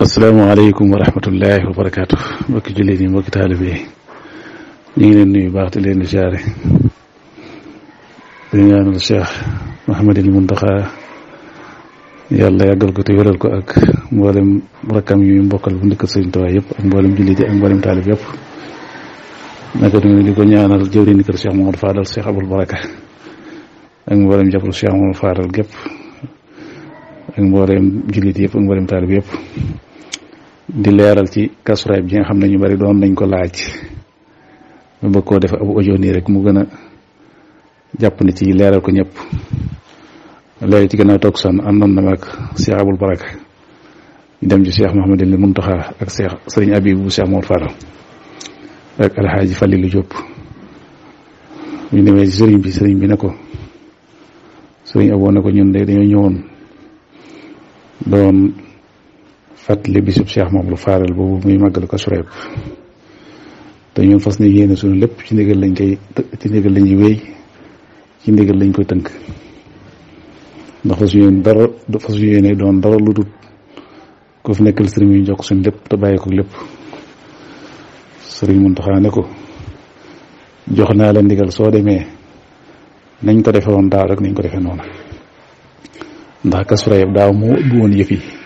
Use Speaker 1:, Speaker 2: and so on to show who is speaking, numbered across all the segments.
Speaker 1: asalaamaaleykum wa rahmatullahi wa barakaatu mbokki jullit yi mbokki taalibe yi ñu ngi leen nuyu baax te leen di jaare di ñaanal Cheikh Mouhamadul Muntaxa yàlla yàggal ko te wéral ko ak mboolem rakkam yu mbokkal bu ndëkk Sëriñ Tuubaa yëpp ak mboolem jullit yi ak mboolem taalib yëpp ko ñaanal jëwriñu kër Cheikh Mamadou Fadal Cheikh Abul Baraka ak mboolem jàppal Cheikh Mamadou Fadal di leeral ci kasuraay bi nga xam ne ñu bari doon nañ ko laaj mu bëgg koo def ab audio rek mu gën a jàpp ne ci leeral ko ñépp léegi ci gannaaw toog son àndoon na ak Cheikh Abul Baraka ñu dem ci Cheikh Mouhamadul Muntaxa ak Cheikh Sëriñ Abibu seex Mor Fadal ak Alxaaji Falilu Jóob ñu demee ci bi sëriñ bi ne ko sëriñ aboo ne ko ñun de dañoo ñëwoon doon fàttali bisub Cheikh moom bu faaral boobu muy màggal ko sureeb te ñun fas ne yéene suñu lépp ci ndigal lañ koy ci ndigal lañuy wéy ci ndigal lañ koy tënk ndax fas yéene dara fas yéene doon dara lu dul ko fi nekkal sëriñ yu jokk suñu lépp te bàyyi ko lépp sëriñ Muntaxa ne ko jox naa la ndigal soo demee nañ ko defe woon daaw rek nañ ko defe noonu ndax kasu daa daaw moo ëpp woon yëf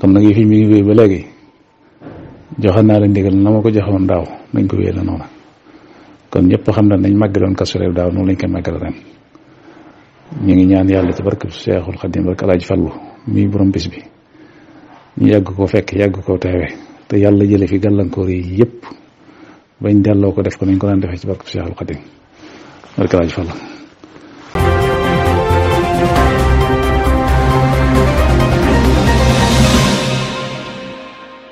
Speaker 1: xam nag yëf yi mi ngi wéy ba léegi joxoon naa la ndigal na ma ko joxoon daaw nañ ko wéy la noonu kon ñëpp xam na nañ màggaloon Kazu Rajab daaw noonu lañ koy màggal ren ñu ngi ñaan yàlla ci barke Seexul Xadim barke Alaaji Fallu mii borom bis bi ñu yàgg ko fekk yàgg ko teewe te yàlla jële fi gàllankoor yi yëpp bañ delloo ko def ko nañ ko daan defee ci barke Seexul Xadim barke Alaaji Fallu